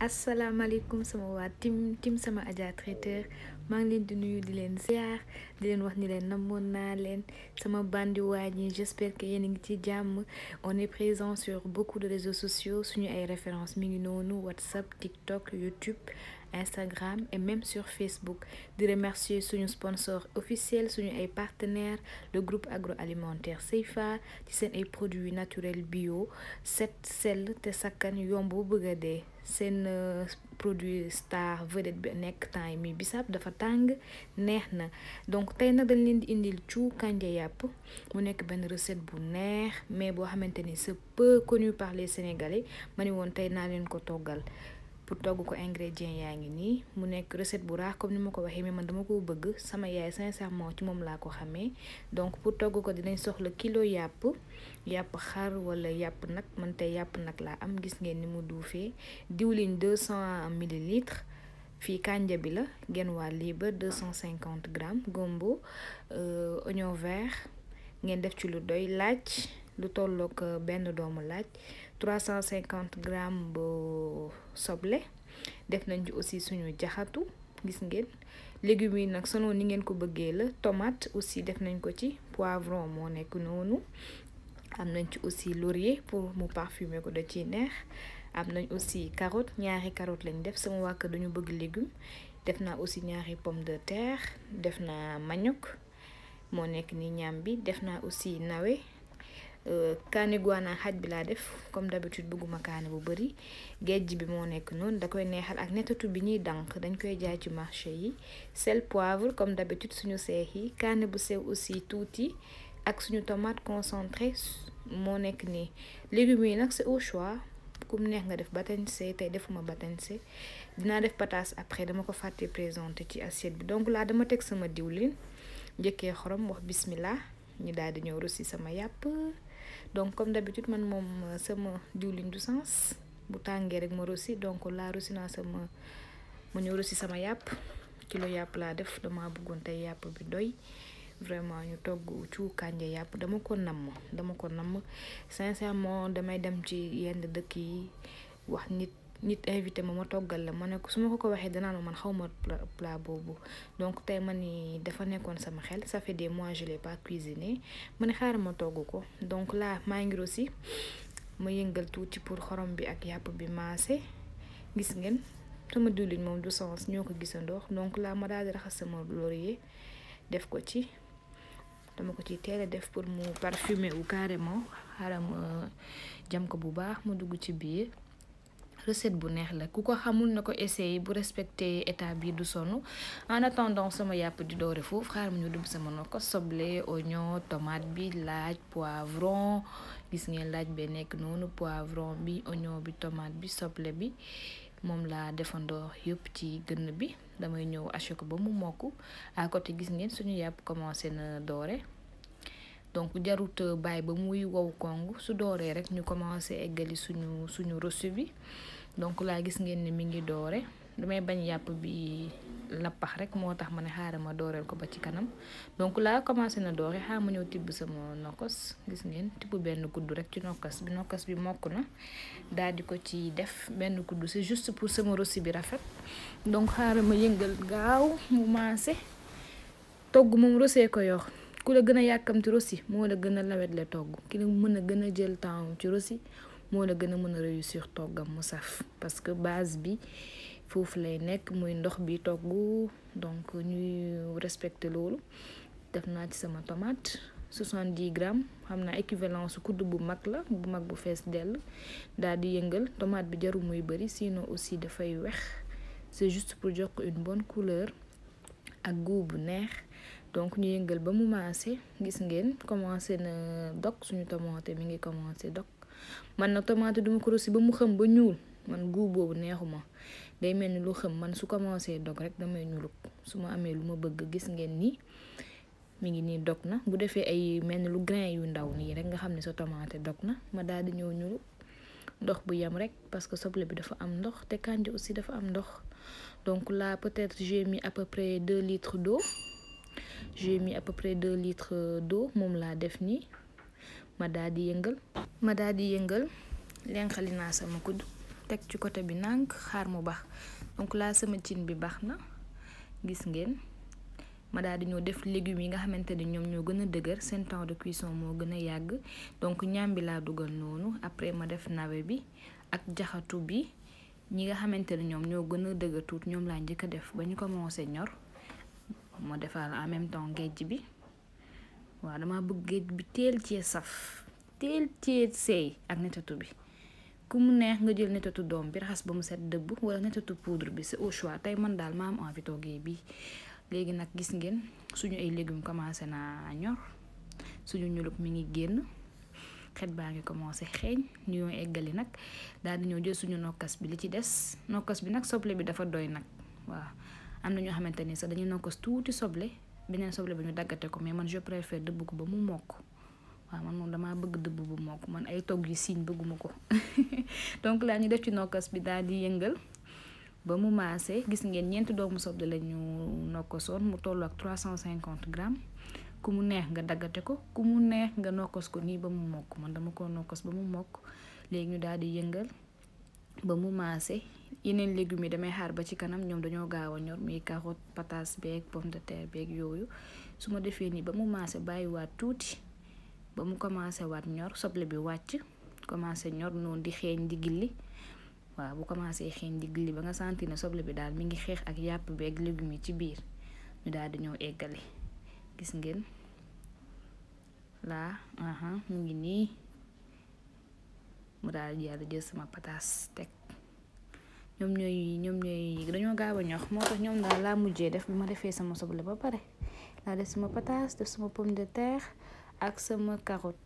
asalaamaaleykum sama waa tim tim sama Adja Traiteur maa ngi leen di nuyu di leen ziar di leen wax ni leen namoon naa leen sama bandi waa ñi j'espère que yéen a ngi ci jàmm on est présent sur beaucoup de réseaux sociaux suñu ay références mi ngi noonu WhatsApp TikTok YouTube Instagram et même sur Facebook di remercier suñu sponsor officiel suñu ay partenaire le groupe agro agroalimentaire Seyfar ci seen ay produits naturels bio set sell te sakkan yomb bëgg a dee seen euh, produit star vedette bi nekk temps yi mi bisaab dafa tàng neex na donc tey nag dañ leen di indil cu kanja yàpp mu nekk benn recette bu neex mais boo xamante ni c'est peu connu par les ma ne woon tey naa leen ko toggal pour togg ko ingrédients yaa ngi nii mu nekk recet bu raax comme ni ma ko waxee mais man dama koo bëgg sama yaay sincèrement ci moom laa ko xamee donc pour togg ko dinañ soxla kilo yàpp yàpp xar wala yàpp nag man tey yàpp nag laa am gis ngeen ni mu duufee diwlin 200 millilitres fii kànja bi la genn waa libre 250 grammes gombo euh, oignon vert ngeen def ci lu doy laaj lu tollook euh, benn doomu laaj 350 grammes bu soble def nañ ci aussi suñu jaxatu gis ngeen légumes yi nag selon ni ngeen ko bëggee la tomate aussi def nañ ko ci poivron moo nekk noonu am nañ ci aussi laurier pour mu parfumer ko da ci neex am nañ aussi carotte ñaari carotte lañ def sama waa kër dañu bëgg légume def naa aussi ñaari pomme de terre def naa manioc moo nekk ni ñam bi def naa aussi nawe Euh, kaani guana xaaj bi laa def comme d'habitude bëgguma kaani bu bëri gejj bi moo nekk noonu da koy neexal ak netatu bi ñuy dànk dañ koy jaay ci marché yi sel poivre comme d'habitude suñu seex yi kaani bu sew aussi tuuti ak suñu tomate concentré moo nekk nii légumes yi nag c'est au choix kum neex nga def batanse tey defuma batanse dinaa def pataas après dama ko fàtte présenté ci assiette bi donc laa dama teg sama diwlin njëkkee xorom wax bismillah ñu daal di ñëw rosi sama yàpp donc comme d'habitude man moom euh, sama diwlin du sens bu tàngee rek ma rosi donc laa rosi naa sama ma ñu rosi sama yàpp kilo yàpp laa def dama bëggoon tey yàpp bi doy vraiment ñu togg cuu kànja yàpp dama ko namm dama ko namm sincèrement damay dem ci yenn dëkk yi wax nit nit invité ma ma toggal la ma ne su ma ko ko waxee danaa man xaw ma plat boobu donc tey ma ni dafa nekkoon sama xel ça fait des mois je l'ai pas cuisiné ma ne xaaral ma togg ko donc laa maa ngi aussi ma yëngal tuuti pour xorom bi ak yàpp bi maase gis ngeen sama diwlin moom du sens ñoo ko gisandoo donc laa ma daal di raxas sama laurier def ko ci dama ko ci teel def pour mu parfumer wu carrément xaaral ma jam ko bu baax ma dugg ci biir. recette bu neex la ku ko xamul na ko essayer bu respecté état bii du sonn en attendant sama yàpp di doore foofu xaaral ma ñu dugg sama no ko soble oignon tomate bi laaj poivron gis ngeen laaj bee nekk noonu poivron bi oignon bi tomate bi soble bi moom laa defandoo yëpp ci gën bi damay ñëw ache ko ba mu mokk à côté gis ngeen suñu yàpp commencé na doore donc jarut bàyyi ba muy wow kong su dooree rek ñu commencé eggali suñu suñu reçu bi donc laa gis ngeen ne mi ngi doore damay bañ yàpp bi lappax rek moo tax ma ne xaaral ma dooreel ko ba ci kanam donc laa commencé na doore xaar ma ñëw tibb sama nokkos gis ngeen tibb benn kudd rek ci nokkos bi nokkos bi mokk na daal di ko ci def benn kudd si juste pour sama rosi bi rafet donc xaaral ma yëngal gaaw mu maase togg moom rosee ko yox ku la gën a yàkkamti rosi moo la gën a lawet la togg ki la mën a gën a jël temps ci rosi moo la gën a mën a réussir toggam mu saf parce que base bi foofu lay nekk muy ndox bi togg donc ñuy respecter loolu def naa ci sama tomate 70 grammes xam naa équivalence su kudd bu mag la bu mag bu fees dell daal di yëngal tomate bi jarul muy bëri sinon aussi dafay wex c'est juste pour jox ko une bonne couleur ak goût bu neex donc ñu yëngal ba mu maase gis ngeen commencé na dog suñu tomate mu ngi commencé dog man na tomate duma ko rosi ba mu xëm ba ñuul man guub boobu neexuma day mel ni lu xëm man su commencé dog rek damay ñuulug su ma amee lu ma bëgg gis ngeen nii mi ngi nii dog na bu defee ay mel ni lu grain yu ndaw nii rek nga xam ne sa tomate dog na ma daal di ñëw ñuulug ndox bu yem rek parce que soble bi dafa am ndox te kànja aussi dafa am ndox donc là peut-être j'ai mi à peu près deux litres d'eau j'ai mis à peu deux litres doo moom laa def nii ma daal di yëngal daal di yëngal lenqali naa sama kudd teg ci côté bi nànk xaar mu bax donc laa sama cin bi baax na gis ngeen ma daal di ñoo def légumes yi nga xamante ni ñoom ñoo gën a dëgër seen temps de cuisson moo gën a yàgg donc ñaam bi laa dugal noonu après ma def nawe bi ak jaxatu bi ñi nga xamante ne ñoom ñoo gën a dëgër tuut ñoom laa njëkk a def ba ñu ko commencé ñor moo defal en même temps géej bi waaw dama bëgg géej bi teel cee saf teel cee seey ak netatu bi ku mu neex nga jël netetu doom bi raxas ba mu set dëbb wala netetu poudre bi c'est au choix tey man daal ma am envie toggee bi léegi nag gis ngeen suñu ay légumes commencé naa ñor suñu ñulub mi ngi génn xet baa ngi commencé xeeñ ñu eggali nag daal di ñëw jël suñu nokkas bi li ci des nokkas bi nag soble bi dafa doy nag waaw am na ñoo xamante ni sax dañu nokkas tuuti soble beneen soble bi ñu daggate ko mais man je préfère dëbb ko ba mu mokk waaw man moom damaa bëgg dëbb bu mokk man ay togg yu siiñ bëgguma ko donc laa ñu def ci nokkas bi daal di yëngal ba mu maase gis ngeen ñeenti doomu soble la ñu nokkasoon mu toll ak cinquante grammes ku mu neex nga daggate ko ku mu neex nga nokkos ko nii ba mu mokk man dama koo nokkos ba mu mokk léegi ñu daal di yëngal ba mu maase yeneen légumes yi damay xaar ba ci kanam ñoom dañoo gaaw a ñor muy carotte pataas beeg pom de terre beeg yooyu su ma defee nii ba mu maase bàyyiwaat tuuti ba mu commencé waat ñor soble bi wàcc commencé ñor noon di xeeñ di gilli waaw bu commencé xeeñ di gilli ba nga sentir ne soble bi daal mi ngi xeex ak yàpp beeg légumes yi ci biir ñu daal di ñëw eggale gis ngeen laa mu ngi nii. mu daal di yàlla jël sama pataas teg ñoom ñooy ñoom ñooy dañoo gaaw a ñox moo tax ñoom laa mujjee def bi ma defee sama soble ba pare laa def sama pataas def sama pomme ak sama carotte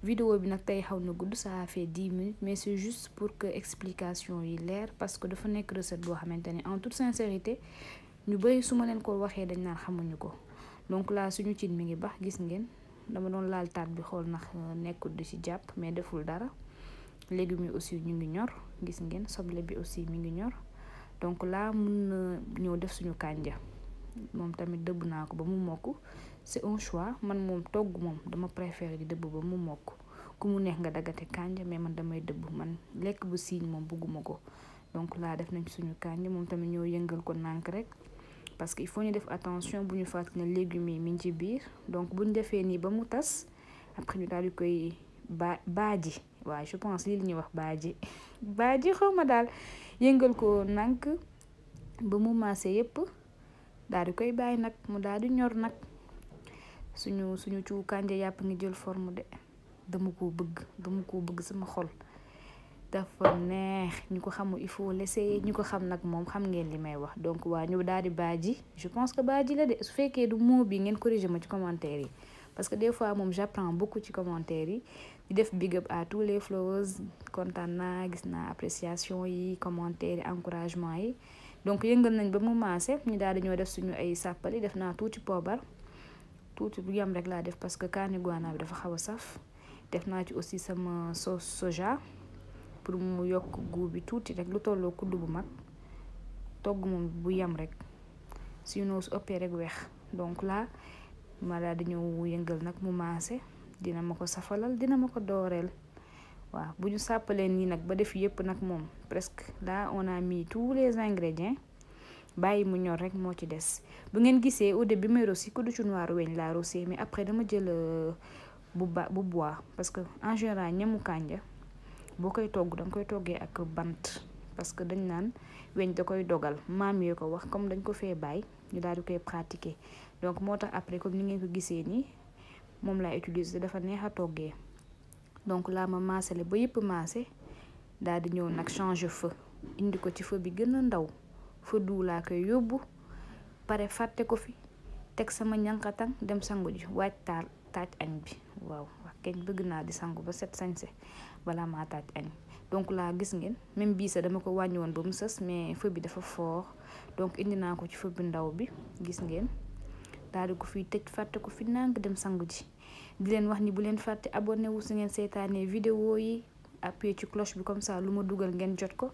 vidéo bi nag tey xaw na gudd ça a fait dix mais c'est juste pour que explication yi leer parce que dafa nekk recette boo xamante ne en toute sincérité ñu bëri su ma leen ko waxee dañ naan xamuñu ko donc laa suñu cin mi ngi baax gis ngeen dama doon laal taat bi xool ndax euh, nekkul di ci jàpp mais deful dara légumes yi aussi ñu ngi ñor gis ngeen soble bi aussi mi ngi ñor donc laa mun na ñëw def suñu kànja moom tamit dëbb naa ko ba mu mokk c'est un choix man moom togg moom dama préférer di dëbb ba mu mokk ku mu neex nga daggate kànja mais man damay dëbb man lekk bu siiñ moom bugguma ko donc laa def nañ suñu kànja moom tamit ñoo yëngal ko nànk rek parce que foo faut ñu def attention bu ñu fàtte ne légumes yi mi ngi ci biir donc bu ñu defee nii ba mu tas après ñu da di koy baa baaji waaye je pense lii li ñuy wax baaji baaji xaw ma daal yëngal ko nànk ba mu maase yépp daal di koy bàyyi nag mu daal di ñor nag suñu suñu cuu kànja yàpp ngi jël forme de dama koo bëgg dama koo bëgg sama xol dafa neex ñu ko xamul il faut l'essayer ñu ko xam nag moom xam ngeen li may wax donc waa ñëw daal di baaji je pense que baaji la de su fekkee du mot bi ngeen corriger ma ci commentaire yi parce que des fois moom j'apprends beaucoup ci commentaires yi def big up à tous les followers kontaan naa gis naa appréciation yi commentaires yi encouragement yi donc yëngal nañ ba mu maase ñi daal di ñoo def suñu ay sàppali def naa tuuti poobar tuuti bu yam rek laa def parce que kaani guana bi dafa xaw a saf def naa ci aussi sama sauce soja pour mu yokk goût bi tuuti rek lu tolloo kudd bu mag togg moom bu yam rek sinon su ëppee rek weex donc là ma daal di ñëw yëngal nag mu maase dina ma ko safalal dina ma ko dooreel waaw bu ñu sàppalee nii nag ba def yëpp nag moom presque là on a mis tous les ingrédients bàyyi mu ñor rek moo ci des bu ngeen gisee au début bi may rosi ku du ci noir weñ laa rosé mais après dama jël euh, bu ba bois parce que en général ñamu kànja boo koy togg danga koy toggee ak bant parce que dañ naan weñ da koy dogal maam yee ko wax comme dañ ko fee bàyyi ñu daal di koy pratiquer donc moo tax après comme ni ngeen ko gisee nii moom laa utiliser dafa neex a toggee donc laa ma maasale ba yëpp maase daal di ñëw nag changer fa indi ko ci fa bi gën a ndaw fa doux laa koy yóbbu pare fàtte ko fi teg sama ñankatang dem sangu ji waaj taal taaj añ bi waaw wax kenn bëgg naa di sangu ba set sañse balaa maa taaj añ donc laa gis ngeen même bii sax dama ko wàññi woon ba mu sës mais feu bi dafa fort donc indi naa ko ci feu bu ndaw bi gis ngeen daal di ko fiy tëj fàtte ko fi nànk dem sangu ji di leen wax ni bu leen fàtte abonné wu su ngeen seetaanee vidéo yi appuyé ci cloche bi comme ça lu ma dugal ngeen jot ko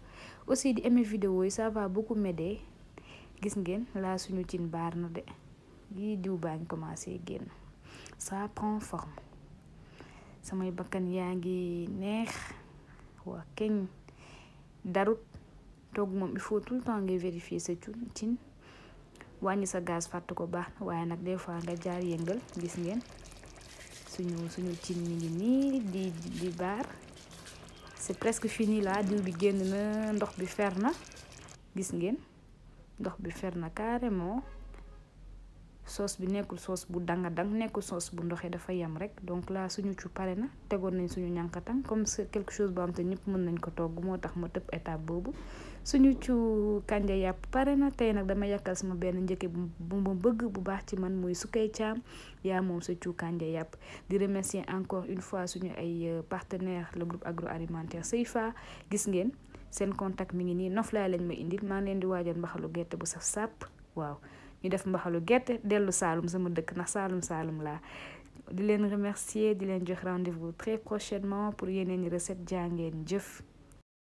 aussi di aimer vidéo yi sava va beaucoup m'aider gis ngeen laa suñu cin baar na de yii diw baa ngi commencé génn ça prend forme samay bakkan yaa ngi neex waa keñ darut toog moom il faut tout temps ngay vérifier sa cun cin wàññi sa gaz fàtt ko baax na waaye nag des fois nga jaar yëngal gis ngeen suñu suñu cin mi ngi nii di di baar c'est presque fini laa diw bi génn na ndox bi fer na gis ngeen ndox bi fer na carrément soos bi nekkul soos bu danga dang nekkul soos bu ndoxee dafa yem rek donc là suñu cu pare na tegoon nañ suñu ñànkatan comme quelque chose ñëpp mën nañ ko togg moo tax ma tëb étape boobu suñu cu kànja yàpp pare na tey nag dama yàkkal sama benn njëkke bu ma bëgg bu baax ci man mooy sukkay caam yaa moom sa cu kànja yàpp di remercier encore une fois suñu ay euh, partenaire le groupe agroalimentaire Seifa gis ngeen seen contact mi ngi nii Noflaay lañ ma indil maa ngi leen di waajal mbaxalu gerte bu saf sàpp waaw ñu def mbaxalu gerte dellu Saalum sama dëkk ndax Saalum Saalum laa di leen remercier di leen jox rendez-vous très prochainement pour yeneen recette jàngeen jëf